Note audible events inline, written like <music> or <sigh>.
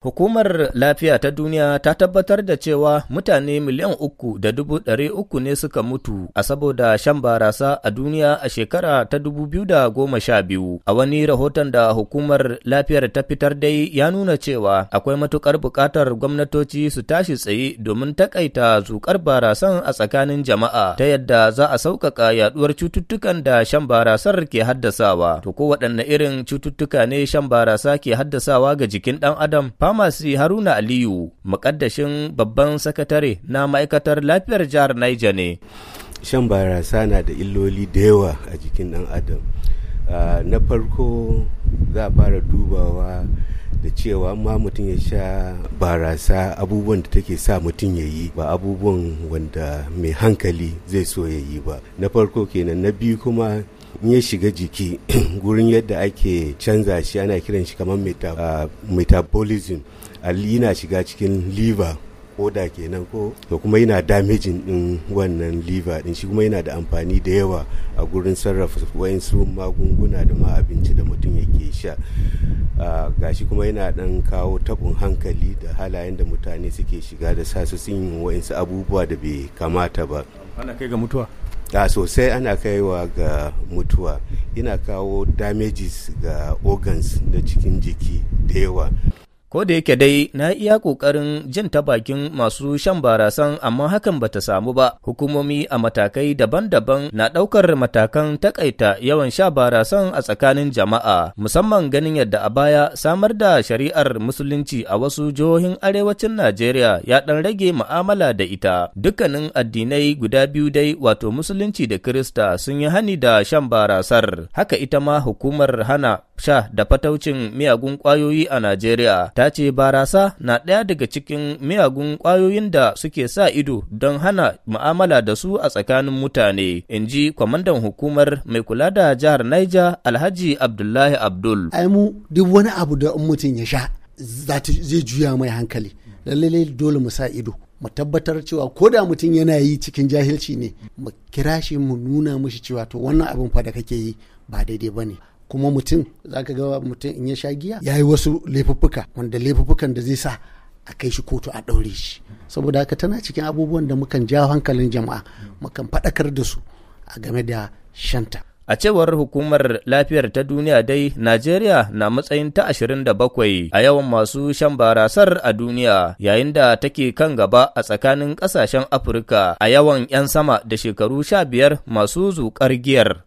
Hukumar Lafiya ta Duniya ta tabbatar da cewa mutane miliyan uku da dubu ɗari uku ne suka mutu a saboda shan barasa a duniya a shekara ta dubu biyu da goma sha biyu. A wani rahoton da Hukumar Lafiyar ta fitar dai ya nuna cewa akwai matuƙar buƙatar gwamnatoci su tashi tsaye domin takaita zukar barasan a tsakanin jama'a ta yadda za a sauƙaƙa yaɗuwar cututtukan da shan barasar ke haddasawa. To ko waɗanne irin cututtuka ne shan barasa ke haddasawa ga jikin ɗan Adam? Famasi Haruna Aliyu, maƙaddashin babban sakatare na ma'aikatar lafiyar jihar Naija ne. Shan barasa na da illoli da yawa a jikin ɗan adam. Ah, na farko za a fara dubawa da cewa ma mutum ya sha barasa abubuwan da take sa mutum ya yi ba abubuwan wanda mai hankali zai so ya yi ba. Na farko kenan na biyu kuma in ya shiga jiki <clears throat> gurin yadda ake canza shi ana kiran shi kamar metabolism yana shiga cikin liver koda kenan ko to kuma yana damejin din wannan liver din shi kuma yana da amfani da yawa a gurin sarrafa wayansu magunguna da ma abinci da mutum yake sha gashi kuma yana dan kawo tabun hankali da halayen da mutane suke shiga da sasu sun yi wayansu abubuwa da bai kamata ba ana kai mutuwa a ah, sosai ana kaiwa ga mutuwa yana kawo damages ga organs na cikin jiki da yawa Ko da yake dai na iya ƙoƙarin jin ta bakin masu shan barasan amma hakan bata samu ba, hukumomi a matakai daban-daban na ɗaukar matakan takaita yawan sha barasan a tsakanin jama'a, musamman ganin yadda a baya samar da shari'ar musulunci a wasu jihohin arewacin Najeriya ya ɗan rage mu'amala da ita. Dukkanin addinai guda biyu dai wato musulunci da Kirista sun yi hani da shan barasar, haka ita ma hukumar hana sha da fataucin miyagun ƙwayoyi a Najeriya ta ce barasa na ɗaya daga cikin miyagun ƙwayoyin da suke sa ido don hana mu'amala da su a tsakanin mutane, in ji kwamandan hukumar mai kula da jihar Niger Alhaji Abdullahi Abdul. Ai mu duk wani abu da mutum ya sha zai juya mai hankali, lallai dole mu sa ido. mu tabbatar cewa ko da mutum yana yi cikin jahilci ne mu kira shi mu nuna mishi cewa to wannan abin fa da kake yi ba daidai ba ne kuma mutum zaka ga mutum in ya sha giya ya yi wasu laifuffuka wanda laifuffukan da zai sa a kai shi kotu a ɗaure shi saboda haka tana cikin abubuwan da mukan ja hankalin jama'a mukan faɗakar da su a game da shanta A cewar hukumar lafiyar ta duniya dai, Najeriya na matsayin ta ashirin da bakwai a yawan masu shan barasar a duniya, yayin da take kan gaba a tsakanin kasashen Afirka a yawan 'yan sama da shekaru sha biyar masu zuƙar giyar.